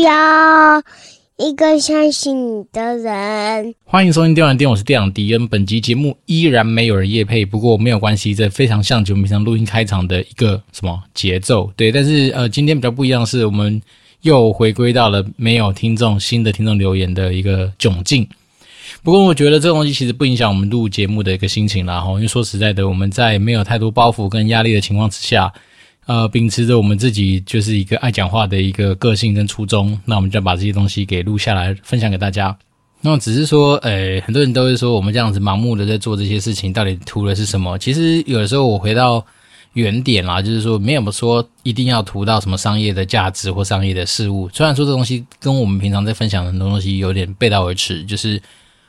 不要一個相信你的人。歡迎收聽《電丸殿》，我是電丸迪恩。本集節目依然沒有人業配，不過沒有關係，這非常像節目平常錄音開場的一個什麼節奏？對，但是呃，今天比較不一樣，是我們又回歸到了沒有聽眾、新的聽眾留言的一個窘境。不過我覺得這東西其實不影響我們錄節目的一個心情啦。哈。因為說實在的，我們在沒有太多包袱跟壓力的情況之下。呃，秉持着我們自己就是一個愛講話的一個個性跟初衷，那我們就把這些東西給錄下來，分享給大家。那只是說，呃、欸，很多人都會說我們這樣子盲目的在做這些事情，到底圖的是什麼？其實有的時候我回到原點啦，就是說，沒有說一定要圖到什麼商業的價值或商業的事物。雖然說這東西跟我們平常在分享的很多東西有點背道而馳，就是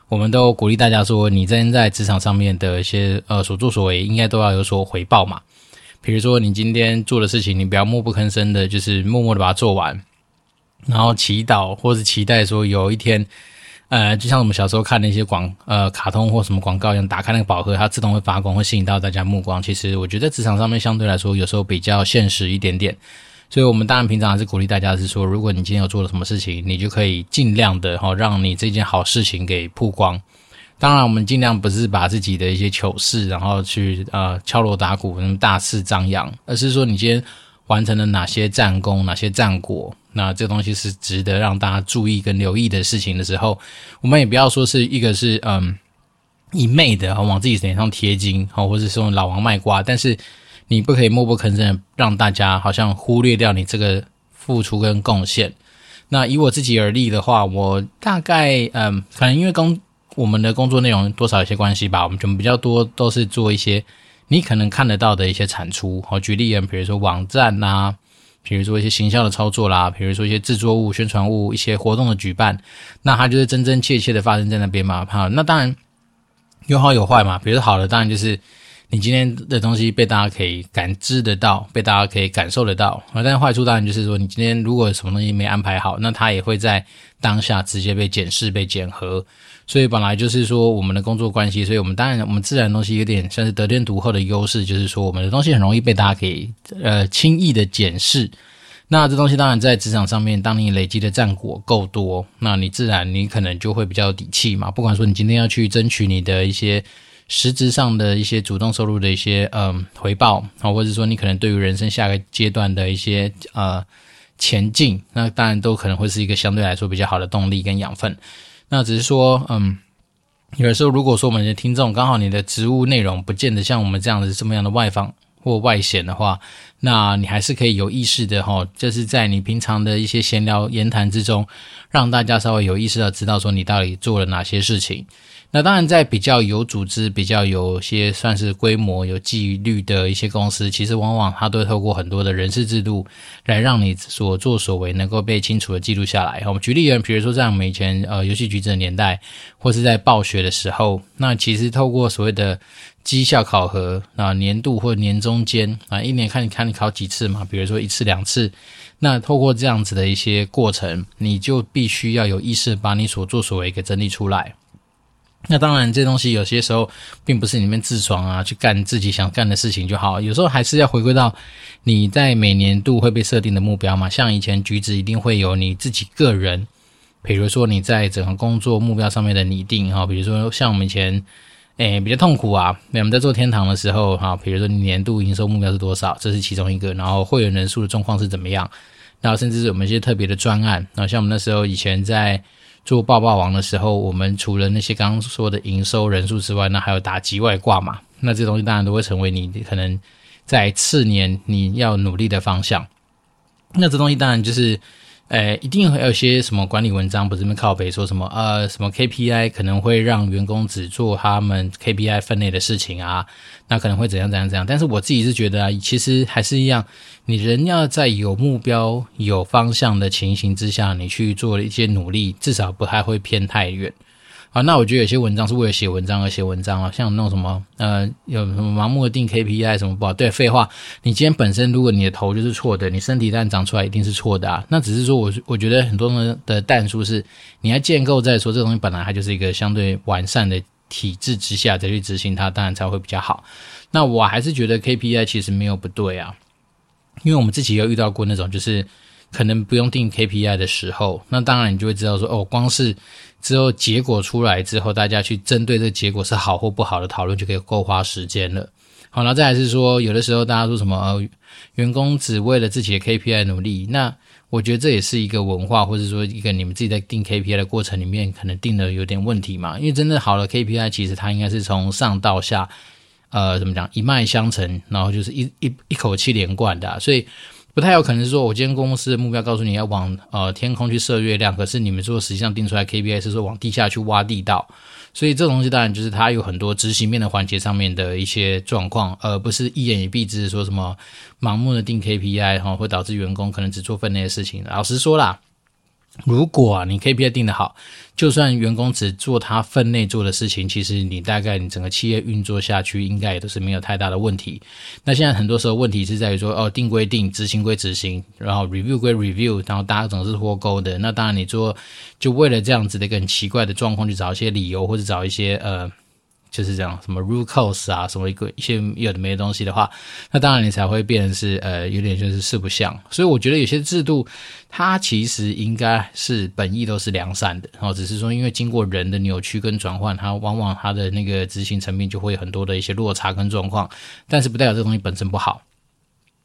我們都鼓勵大家說，你在在職場上面的一些呃所作所為，應該都要有所回報嘛。比如說，你今天做的事情，你不要默不吭聲的，就是默默的把它做完，然後祈禱或是期待說有一天，呃，就像我們小時候看那些廣呃卡通或什麼廣告一樣，打開那個寶盒，它自動會發光，會吸引到大家目光。其實，我覺得在職場上面相對來說有時候比較現實一點點，所以我們當然平常還是鼓勵大家是說，如果你今天有做了什麼事情，你就可以儘量的哈、哦，讓你這件好事情給曝光。當然，我們盡量不是把自己的一些糗事，然後去呃敲鑼打鼓什麼大肆張揚，而是說你今天完成了哪些戰功、哪些戰果，那這東西是值得讓大家注意跟留意的事情的時候，我們也不要說是一個是嗯一昧的，哦、往自己臉上貼金，好、哦，或者是說老王賣瓜，但是你不可以默不吭聲讓大家好像忽略掉你這個付出跟貢獻。那以我自己而立的話，我大概嗯，反正因為公。我們的工作內容多少有些關係吧，我們全部比較多都是做一些你可能看得到的一些產出。好，舉例，比如說網站吶、啊，比如說一些行銷的操作啦，比如說一些製作物、宣傳物、一些活動的舉辦，那它就是真真切切的發生在那邊嘛。好，那當然有好有壞嘛。比如說好的，當然就是。你今天的東西被大家可以感知得到，被大家可以感受得到。那但是壞處當然就是說，你今天如果什麼東西沒安排好，那它也會在當下直接被檢視、被檢核。所以本來就是說，我們的工作關係，所以我們當然，我們自然的東西有點像是得天獨厚的優勢，就是說我們的東西很容易被大家可以呃輕易的檢視。那這東西當然在職場上面，當你累積的戰果夠多，那你自然你可能就會比較有底氣嘛。不管說你今天要去爭取你的一些。實質上的一些主動收入的一些嗯回報啊、哦，或者說你可能對於人生下個階段的一些呃前進，那當然都可能會是一個相對來說比較好的動力跟養分。那只是說，嗯，有的時候如果說我們的聽眾剛好你的職務內容不見得像我們這樣的這麼樣的外放或外顯的話，那你還是可以有意識的哈、哦，就是在你平常的一些閒聊言談之中，讓大家稍微有意識的知道說你到底做了哪些事情。那當然，在比較有組織、比較有些算是規模、有紀律的一些公司，其實往往它都會透過很多的人事制度，來讓你所作所為能夠被清楚的記錄下來。我們舉例而言，比如說在我們以前呃遊戲橘子的年代，或是在暴雪的時候，那其實透過所謂的績效考核，啊年度或者年中間，啊一年看看你考幾次嘛，比如說一次兩次，那透過這樣子的一些過程，你就必須要有意識把你所作所為給整理出來。那當然，這些東西有些時候並不是你們自創啊，去幹自己想幹的事情就好。有時候還是要回歸到你在每年度會被設定的目標嘛。像以前橘子一定會有你自己個人，比如說你在整個工作目標上面的擬定哈、哦。比如說像我們以前，誒、哎、比較痛苦啊。那我們在做天堂的時候哈、哦，比如說你年度營收目標是多少，這是其中一個。然後會員人數的狀況是怎麼樣？那甚至是我們一些特別的專案，然後像我們那時候以前在。做爆爆王的時候，我們除了那些剛剛說的營收人數之外，那還有打擊外掛嘛，那這東西當然都會成為你可能在次年你要努力的方向。那這東西當然就是。誒、欸，一定會有些什麼管理文章不是那麼靠北，說什麼呃，什麼 KPI 可能會讓員工只做他們 KPI 分內的事情啊，那可能會怎樣怎樣怎樣？但是我自己是覺得啊，其實還是一樣，你人要在有目標、有方向的情形之下，你去做一些努力，至少不太會偏太遠。啊，那我覺得有些文章是為了寫文章而寫文章啊，像那種什麼，呃，有什麼盲目的定 KPI 什麼不好？對，廢話。你今天本身如果你的頭就是錯的，你身體當然長出來一定是錯的啊。那只是說我，我我覺得很多人的但書是你要建構在說，這東西本來它就是一個相對完善的體制之下再去執行它，當然才會比較好。那我還是覺得 KPI 其實沒有不對啊，因為我們自己有遇到過那種就是。可能不用定 KPI 的時候，那當然你就會知道說，哦，光是只有結果出來之後，大家去針對這個結果是好或不好的討論就可以夠花時間了。好了，再來是說，有的時候大家說什麼，呃，呃員工只為了自己的 KPI 努力，那我覺得這也是一個文化，或者說一個你們自己在定 KPI 的過程裡面可能定的有點問題嘛。因為真的好的 KPI，其實它應該是從上到下，呃，怎麼講，一脈相承，然後就是一一一口氣連貫的啊，所以。不太有可能是說，我今天公司的目標告訴你要往呃天空去射月亮，可是你們說實際上定出來 KPI 是說往地下去挖地道。所以這東西當然就是它有很多執行面的環節上面的一些狀況，而、呃、不是一言以蔽之說什麼盲目的定 KPI 哈，會導致員工可能只做分內的事情。老實說啦。如果啊，你 KPI 定得好，就算員工只做他分內做的事情，其實你大概你整個企業運作下去，應該也都是沒有太大的問題。那現在很多時候問題是在於說，哦，定歸定，執行歸執行，然後 review 歸 review，然後大家總是脫鈎的。那當然你做就為了這樣子的一個很奇怪的狀況，去找一些理由或者找一些呃。就是這樣，什麼入 s e 啊，什麼一個一些有的沒的東西的話，那當然你才會變成是呃有點就是四不像。所以我覺得有些制度，它其實應該是本意都是良善的，然後只是說因為經過人的扭曲跟轉換，它往往它的那個執行層面就會有很多的一些落差跟狀況，但是不代表這東西本身不好。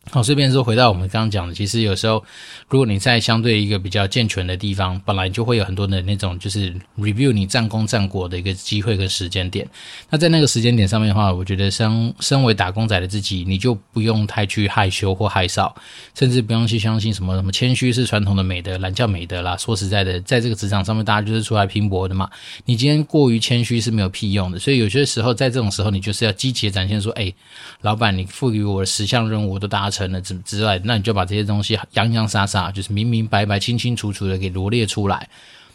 好，順便說，回到我們剛剛講的，其實有時候，如果你在相對一個比較健全的地方，本來就會有很多的那種，就是 review 你戰功戰果的一個機會跟時間點。那在那個時間點上面的話，我覺得身身為打工仔的自己，你就不用太去害羞或害臊，甚至不用去相信什麼什麼謙虛是傳統的美德，懶叫美德啦。說實在的，在這個職場上面，大家就是出來拼搏的嘛。你今天過於謙虛是沒有屁用的。所以有些時候，在這種時候，你就是要積極展現說，哎、欸，老闆，你賦予我的十項任務，我都達成。成了之之外，那你就把這些東西洋洋灑灑，就是明明白白、清清楚楚的給羅列出來。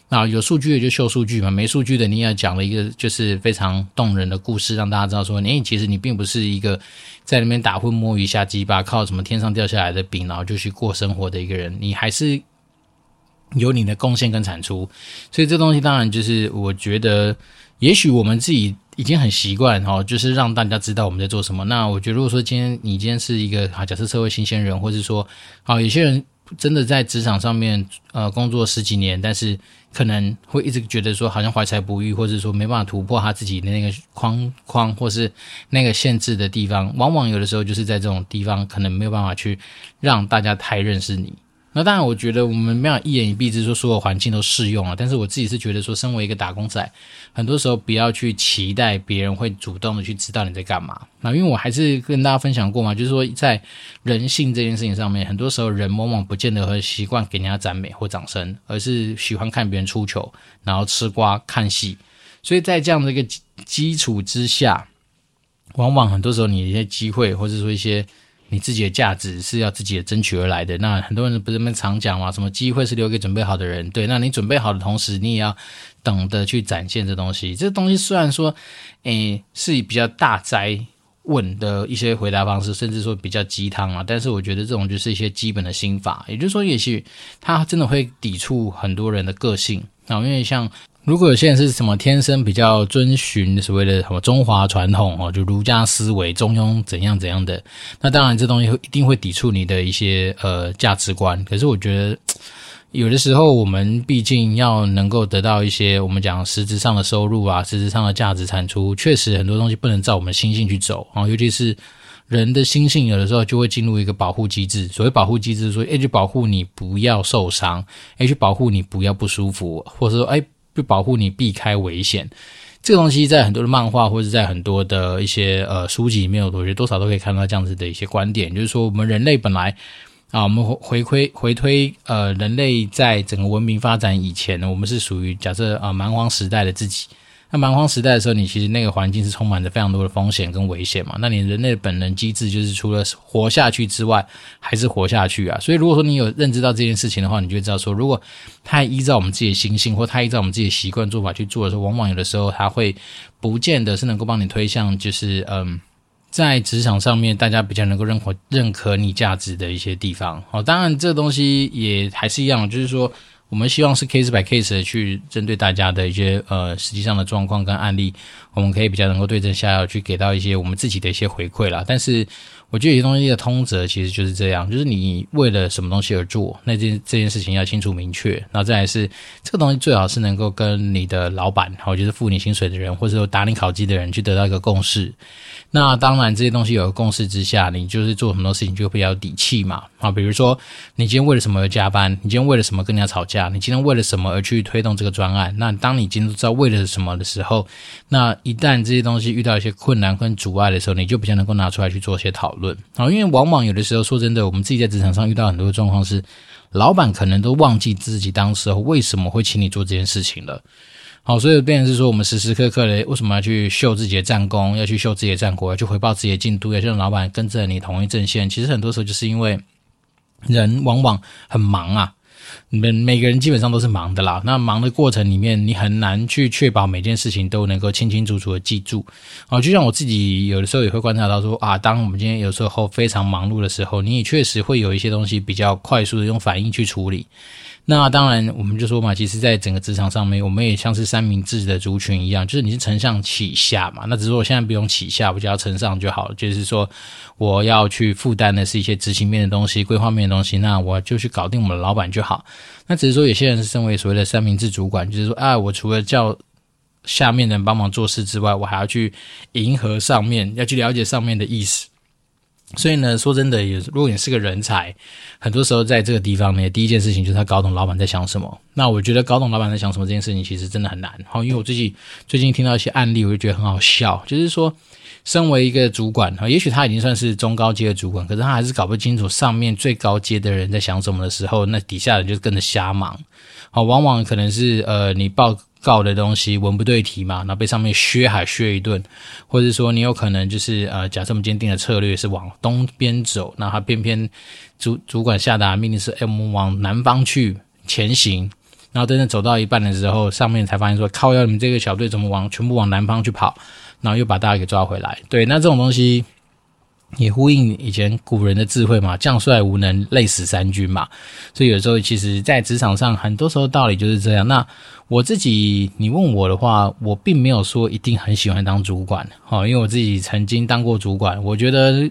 那有數據的就秀數據嘛，沒數據的你也講了一個就是非常動人的故事，讓大家知道說，誒、欸、其實你並不是一個在那邊打混摸魚下、瞎雞巴靠什麼天上掉下來的餅，然後就去過生活的一個人，你還是有你的貢獻跟產出。所以這東西當然就是，我覺得也許我們自己。已經很習慣哦，就是讓大家知道我們在做什麼。那我覺得，如果說今天你今天是一個，假設社會新鮮人，或是說，啊、哦，有些人真的在職場上面呃工作十幾年，但是可能會一直覺得說好像懷才不遇，或是說沒辦法突破他自己的那個框框或是那個限制的地方，往往有的時候就是在這種地方可能沒有辦法去讓大家太認識你。那當然，我覺得我們沒有一言以蔽之說所有環境都適用了。但是我自己是覺得說，身為一個打工仔，很多時候不要去期待別人會主動的去知道你在幹嘛。那因為我還是跟大家分享過嘛，就是說在人性這件事情上面，很多時候人往往不見得會習慣給人家讚美或掌聲，而是喜歡看別人出糗，然後吃瓜看戲。所以在這樣的一個基礎之下，往往很多時候你的一些機會，或者說一些。你自己的價值是要自己的爭取而來的。那很多人不是那麼常講嗎？什麼機會是留給準備好的人？對，那你準備好的同時，你也要懂得去展現這東西。這東西雖然說，誒、欸，是以比較大哉問的一些回答方式，甚至說比較雞湯啊，但是我覺得這種就是一些基本的心法。也就是說，也許他真的會抵觸很多人的個性我因為像。如果現在是什麼天生比較遵循所謂的什麼中華傳統哦，就儒家思維、中庸怎樣怎樣的，那當然這東西一定會抵觸你的一些呃價值觀。可是我覺得有的時候我們畢竟要能夠得到一些我們講實質上的收入啊，實質上的價值產出，確實很多東西不能照我們心性去走啊，尤其是人的心性，有的時候就會進入一個保護機制，所謂保護機制，說誒去保護你不要受傷，誒去保護你不要不舒服，或者說哎。就保護你避開危險，這個東西在很多的漫畫或者是在很多的一些呃書籍裡面，我覺得多少都可以看到這樣子的一些觀點，就是說我們人類本來啊，我們回回推回推呃，人類在整個文明發展以前呢，我們是屬於假設啊蠻荒時代的自己。那蠻荒時代的時候，你其實那個環境是充滿着非常多的風險跟危險嘛。那你人類的本能機制就是除了活下去之外，還是活下去啊。所以如果說你有認知到這件事情的話，你就會知道說，如果太依照我們自己的心性，或太依照我們自己的習慣做法去做的時候，往往有的時候它會不見得是能夠幫你推向就是嗯、呃，在職場上面大家比較能夠認可認可你價值的一些地方。好，當然這個東西也還是一樣，就是說。我們希望是 case by case 的去針對大家的一些呃實際上的狀況跟案例，我們可以比較能夠對症下藥去給到一些我們自己的一些回饋啦。但是我覺得有些東西的通則其實就是這樣，就是你為了什麼東西而做，那件這，這件事情要清楚明確，那再來是這個東西最好是能夠跟你的老板，或者就是付你薪水的人，或者說打你考績的人，去得到一個共識。那當然，這些東西有個共識之下，你就是做很多事情就比較有底氣嘛。啊，比如說你今天為了什麼而加班，你今天為了什麼要跟人家吵架，你今天為了什麼而去推動這個專案。那當你今天都知道為了什麼的時候，那一旦這些東西遇到一些困難跟阻礙的時候，你就比較能夠拿出來去做一些討論。啊，因為往往有的時候說真的，我們自己在職場上遇到很多狀況是，老闆可能都忘記自己當時為什麼會請你做這件事情了。好，所以變成是說，我們時時刻刻的，為什麼要去秀自己的戰功，要去秀自己的戰果，要去回報自己的進度，要讓老闆跟着你同一陣線？其實很多時候就是因為人往往很忙啊。你們每個人基本上都是忙的啦，那忙的過程裡面，你很難去確保每件事情都能夠清清楚楚的記住。哦，就像我自己有的時候也會觀察到說啊，當我們今天有時候非常忙碌的時候，你也確實會有一些東西比較快速的用反應去處理。那當然，我們就說嘛，其實，在整個職場上面，我們也像是三明治的族群一樣，就是你是承上啟下嘛。那只是我現在不用啟下，我就要承上就好了。就是說，我要去負擔的是一些執行面的東西、規劃面的東西，那我就去搞定我們的老板就好。那只是說，有些人是身為所謂的三明治主管，就是說，啊，我除了叫下面的人幫忙做事之外，我還要去迎合上面，要去了解上面的意思。所以呢，說真的，也如果你是個人才，很多時候在這個地方呢，第一件事情就是他搞懂老闆在想什麼。那我覺得搞懂老闆在想什麼這件事情，其實真的很難。好，因為我最近最近聽到一些案例，我就覺得很好笑，就是說。身為一個主管，也許他已經算是中高階的主管，可是他還是搞不清楚上面最高階的人在想什麼的時候，那底下人就跟着瞎忙，好，往往可能是呃，你報告的東西文不對題嘛，然後被上面削還削一頓，或者說你有可能就是呃，講這麼堅定的策略是往東邊走，那他偏偏主主管下達命令是 M 我們往南方去前行，然後真的走到一半的時候，上面才發現說靠，要你們這個小隊怎麼往全部往南方去跑？然後又把大家給抓回來，對，那這種東西也呼應以前古人的智慧嘛，將帥無能，累死三軍嘛。所以有時候其實，在職場上，很多時候道理就是這樣。那我自己，你問我的話，我並沒有說一定很喜歡當主管，好、哦，因為我自己曾經當過主管，我覺得。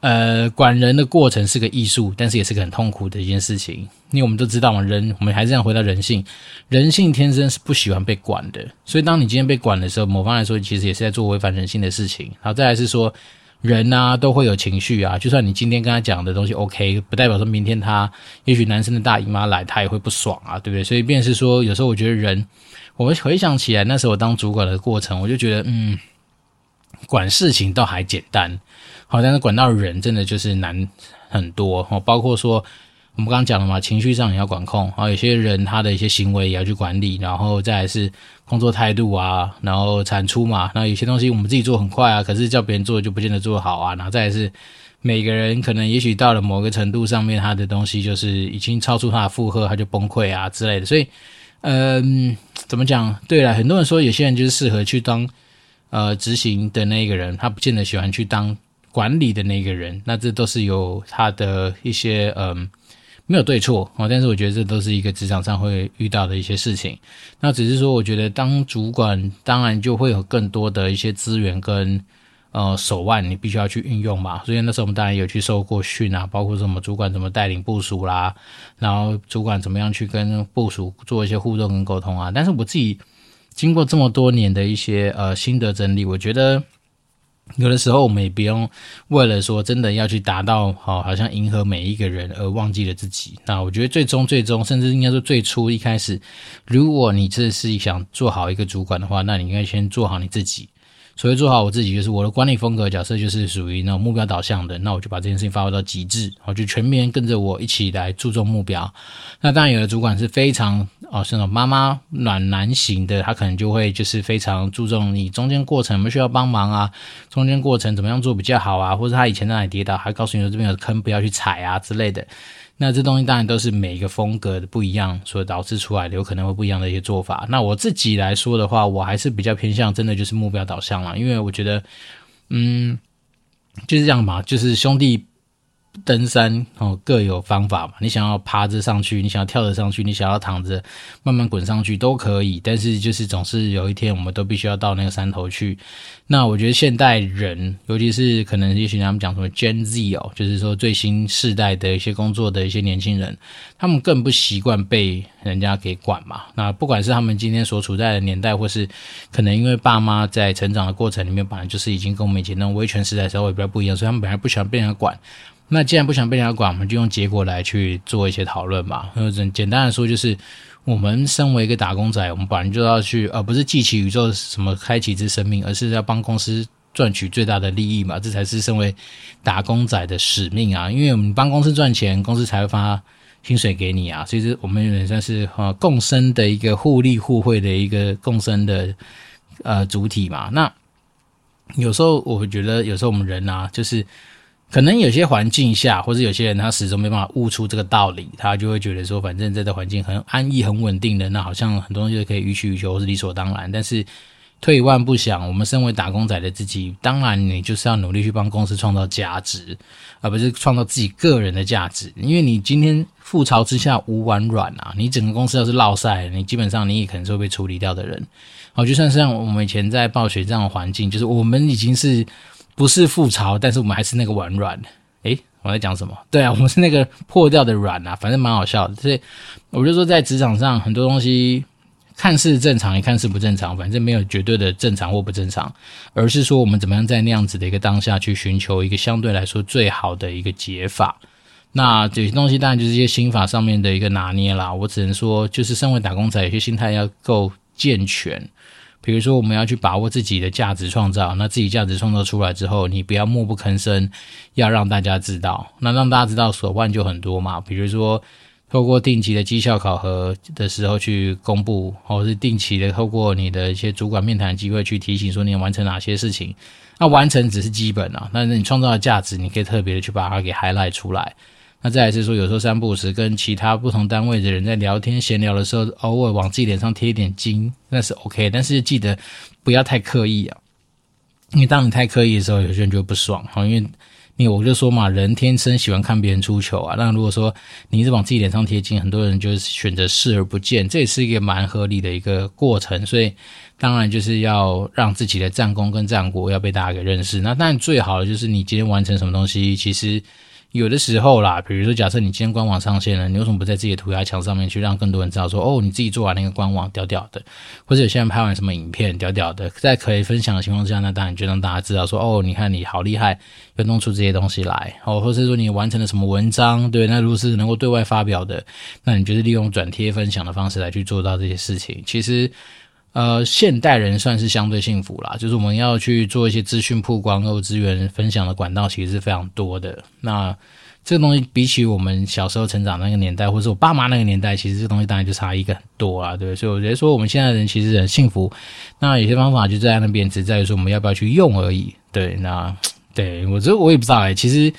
呃，管人的過程是個藝術，但是也是個很痛苦的一件事情。因為我們都知道嘛，人我們還是要回到人性，人性天生是不喜歡被管的。所以，當你今天被管的時候，某方來說其實也是在做違反人性的事情。好，再來是說，人啊都會有情緒啊，就算你今天跟他講的東西 OK，不代表說明天他也許男生的大姨媽來，他也會不爽啊，對不對？所以，變成說，有時候我覺得人，我回想起來那時候我當主管的過程，我就覺得，嗯，管事情倒還簡單。好，但是管到人真的就是難很多哦，包括說我們剛剛講了嘛，情緒上也要管控啊，有些人他的一些行為也要去管理，然後再來是工作態度啊，然後產出嘛，那有些東西我們自己做很快啊，可是叫別人做就不見得做好啊，然後再來是每個人可能也許到了某個程度上面，他的東西就是已經超出他的負荷，他就崩潰啊之類的，所以，嗯，怎麼講？對啦，很多人說有些人就是適合去當呃執行的那一個人，他不見得喜歡去當。管理的那個人，那這都是有他的一些嗯，沒有對錯，但是我覺得這都是一個職場上會遇到的一些事情。那只是說，我覺得當主管，當然就會有更多的一些資源跟呃手腕，你必須要去運用嘛。所以那時候我們當然有去受過訓啊，包括什麼主管怎麼帶領部屬啦，然後主管怎麼樣去跟部屬做一些互動跟溝通啊。但是我自己經過這麼多年的一些呃心得整理，我覺得。有的時候，我們也不用為了說真的要去達到好，好像迎合每一個人而忘記了自己。那我覺得，最終、最終，甚至應該說最初一開始，如果你這是想做好一個主管的話，那你應該先做好你自己。所以做好我自己，就是我的管理風格，角色就是屬於那種目標導向的。那我就把這件事情發揮到極致，我就全面跟着我一起來注重目標。那當然，有的主管是非常哦，是那種媽媽暖男型的，他可能就會就是非常注重你中間過程有沒有需要幫忙啊，中間過程怎麼樣做比較好啊，或者他以前在哪裡跌倒，他告訴你說這邊有坑不要去踩啊之類的。那這東西當然都是每一個風格的不一樣，所導致出來的有可能會不一樣的一些做法。那我自己來說的話，我還是比較偏向真的就是目標導向嘛，因為我覺得，嗯，就是這樣嘛，就是兄弟。登山哦，各有方法嘛。你想要爬着上去，你想要跳着上去，你想要躺着慢慢滾上去都可以。但是就是總是有一天，我們都必須要到那個山頭去。那我覺得現代人，尤其是可能也許他們講什麼 Gen Z 哦，就是說最新世代的一些工作的一些年輕人，他們更不習慣被人家給管嘛。那不管是他們今天所處在的年代，或是可能因為爸媽在成長的過程裡面，本來就是已經跟我們以前那種威權時代稍微比較不一樣，所以他們本來不喜歡被人家管。那既然不想被人家管，我們就用結果來去做一些討論吧。或簡單的說，就是我們身為一個打工仔，我們本來就要去，而、呃、不是記起宇宙什麼開啟之生命，而是要幫公司賺取最大的利益嘛。這才是身為打工仔的使命啊！因為我們幫公司賺錢，公司才會發薪水給你啊。所以，我們人生是哈、呃、共生的一個互利互惠的一個共生的呃主體嘛。那有時候我覺得，有時候我們人啊，就是。可能有些環境下，或者有些人他始終沒辦法悟出這個道理，他就會覺得說，反正在這環境很安逸、很穩定的，那好像很多東西都可以予取予求，是理所當然。但是退一萬步想，我們身為打工仔的自己，當然你就是要努力去幫公司創造價值，而不是創造自己個人的價值。因為你今天覆巢之下無完卵啊，你整個公司要是落賽，你基本上你也可能是會被處理掉的人。好，就算是像我們以前在暴雪這樣的環境，就是我們已經是不是覆巢，但是我們還是那個完卵。誒，我在講什麼？對啊，我們是那個破掉的卵啊，反正蠻好笑的。所以我就說，在職場上很多東西看似正常，也看似不正常，反正沒有絕對的正常或不正常，而是說我們怎麼樣在那樣子的一個當下去尋求一個相對來說最好的一個解法。那有些東西當然就是一些心法上面的一個拿捏啦。我只能說，就是身為打工仔，有些心態要夠健全。比如說，我們要去把握自己的價值創造，那自己價值創造出來之後，你不要默不吭聲，要讓大家知道。那讓大家知道，手腕就很多嘛。比如說，透過定期的績效考核的時候去公布，或者是定期的透過你的一些主管面談的機會去提醒，說你完成哪些事情。那完成只是基本啊，但是你創造的價值，你可以特別的去把它給 highlight 出來。那再來是說，有時候三不五時跟其他不同單位的人在聊天閒聊的時候，偶、哦、爾往自己臉上貼一點金，那是 OK。但是記得不要太刻意啊，因為當你太刻意的時候，有些人就不爽，好，因為你我就說嘛，人天生喜歡看別人出糗啊。那如果說你一直往自己臉上貼金，很多人就是選擇視而不見，這也是一個蠻合理的一個過程。所以當然就是要讓自己的戰功跟戰果要被大家給認識。那當然最好的就是你今天完成什麼東西，其實。有的時候啦，比如說，假設你今天官網上線了，你為什麼不在自己的塗鴉牆上面去讓更多人知道說，說哦，你自己做完那個官網屌屌的，或者有些人拍完什麼影片屌屌的，在可以分享的情況下呢，那當然就讓大家知道說哦，你看你好厲害，又弄出這些東西來，哦，或是說你完成了什麼文章，對，那如果是能夠對外發表的，那你就是利用轉貼分享的方式來去做到這些事情。其實。呃，現代人算是相對幸福啦，就是我們要去做一些資訊曝光和資源分享的管道，其實是非常多的。那這個東西比起我們小時候成長的那個年代，或是我爸媽那個年代，其實這東西當然就差一個很多啊，對。所以我覺得說我們現在人其實很幸福。那有些方法就在那邊，只在於說我們要不要去用而已。對，那對我這我也不知道哎、欸，其實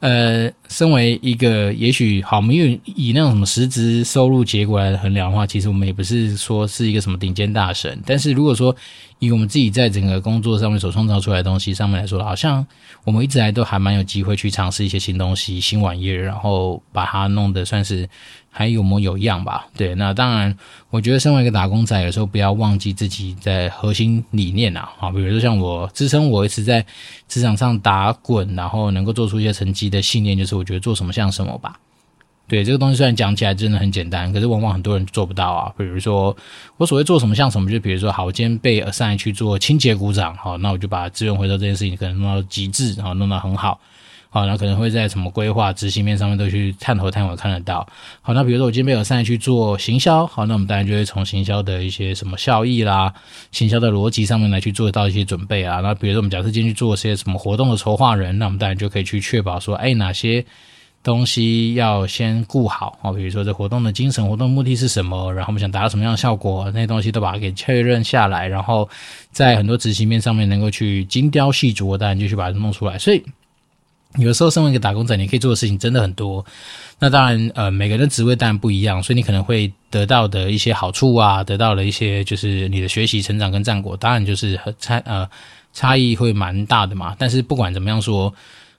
呃。身為一個也，也許好，沒有，以那種什麼實質收入結果來衡量的話，其實我們也不是說是一個什麼頂尖大神。但是如果說以我們自己在整個工作上面所創造出來的東西上面來說，好像我們一直來都還蠻有機會去嘗試一些新東西、新玩意兒，然後把它弄得算是還有模有，有樣吧。對，那當然，我覺得身為一個打工仔，有時候不要忘記自己的核心理念啊。好，比如說像我支撐我一直在職場上打滾，然後能夠做出一些成績的信念，就是。我覺得做什麼像什麼吧，對，這個東西雖然講起來真的很簡單，可是往往很多人做不到啊。比如說，我所謂做什麼像什麼，就是、比如說，好，我今天被 assign 去做清潔股長，好，那我就把資源回收這件事情可能弄到極致，好，弄到很好。好，那可能會在什麼規劃執行面上面都去探頭探尾，看得到。好，那比如說我今天沒有上來去做行銷，好，那我們當然就會從行銷的一些什麼效益啦，行銷的邏輯上面來去做到一些準備啊。那比如說我們假設今天去做一些什麼活動的籌劃人，那我們當然就可以去確保說，哎、欸，哪些東西要先顧好啊？比如說這活動的精神、活動的目的是什麼？然後我們想達到什麼樣的效果？那些東西都把它給確認下來，然後在很多執行面上面能夠去精雕細琢，當然就去把它弄出來。所以。有時候，身為一個打工仔，你可以做的事情真的很多。那當然，呃，每個人的職位當然不一樣，所以你可能會得到的一些好處啊，得到了一些就是你的學習成長跟戰果，當然就是差，呃，差異會蠻大的嘛。但是不管怎麼樣說，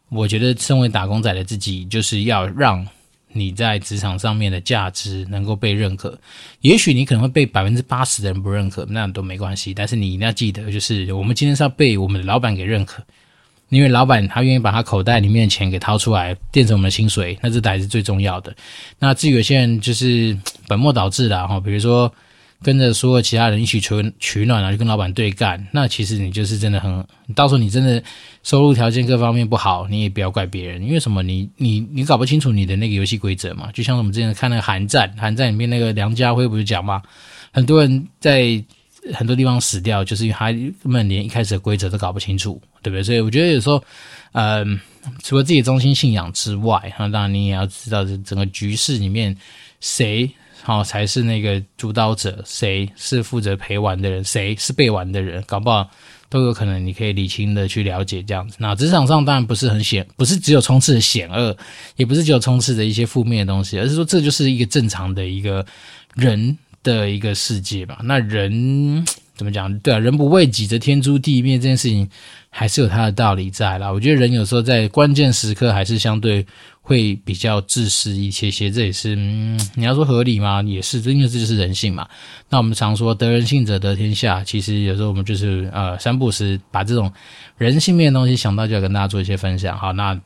我覺得身為打工仔的自己，就是要讓你在職場上面的價值能夠被認可。也許你可能會被百分之八十的人不認可，那都沒關係。但是你一定要記得，就是我們今天是要被我們的老闆給認可。因為老闆他願意把他口袋裡面的錢給掏出來墊成我們的薪水，那這點是最重要的。那至於有些人就是本末倒置了哈，比如說跟着所有其他人一起取取暖，然後就跟老闆對幹，那其實你就是真的很，到時候你真的收入條件各方面不好，你也不要怪別人，因為什麼你？你你你搞不清楚你的那個遊戲規則嘛。就像我們之前看那個寒戰《寒戰》，《寒戰》裡面那個梁家輝不是講嘛，很多人在。很多地方死掉，就是因為他們連一開始的規則都搞不清楚，對不對？所以我覺得有時候，嗯，除了自己中心信仰之外，那當然你也要知道這整個局勢裡面誰哦才是那個主導者，誰是負責陪玩的人，誰是被玩的人，搞不好都有可能，你可以理清的去了解這樣子。那職場上當然不是很險，不是只有充斥的險惡，也不是只有充斥着一些負面的東西，而是說這就是一個正常的一個人。的一個世界吧，那人怎麼講？對啊，人不為己，則天誅地滅這件事情，還是有它的道理在啦。我覺得人有時候在關鍵時刻，還是相對會比較自私一些些。這也是嗯，你要說合理嗎？也是，因為這就是人性嘛。那我們常說得人性者得天下，其實有時候我們就是呃三不時把這種人性面的東西想到，就要跟大家做一些分享哈。那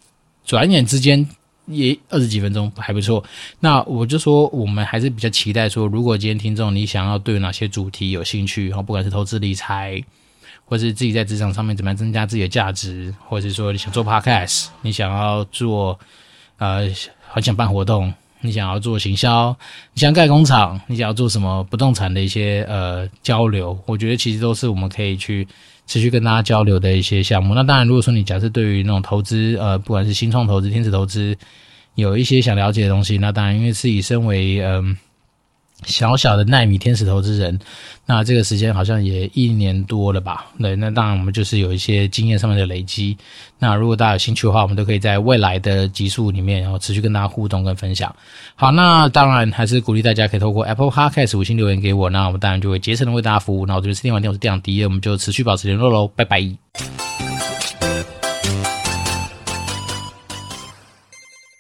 轉眼之間。也二十幾分鐘還不錯，那我就說我們還是比較期待說，如果今天聽眾你想要對哪些主題有興趣，然後不管是投資理財，或是自己在職場上面怎麼樣增加自己的價值，或者是說你想做 Podcast，你想要做呃，很想辦活動，你想要做行銷，你想蓋工廠，你想要做什麼不動產的一些呃交流，我覺得其實都是我們可以去持續跟大家交流的一些項目。那當然，如果說你假設對於那種投資，呃，不管是新創投資、天使投資，有一些想了解的東西，那當然，因為是以身為嗯。小小的奈米天使投資人，那這個時間好像也一年多了吧？對，那當然我們就是有一些經驗上面的累積。那如果大家有興趣的話，我們都可以在未來的集數裡面，然後持續跟大家互動跟分享。好，那當然還是鼓勵大家可以透過 Apple Podcast 五星留言給我。那我們當然就會竭誠的為大家服務。那我這邊是電丸殿，我是殿堂第一，我們就持續保持聯絡嘍，拜拜。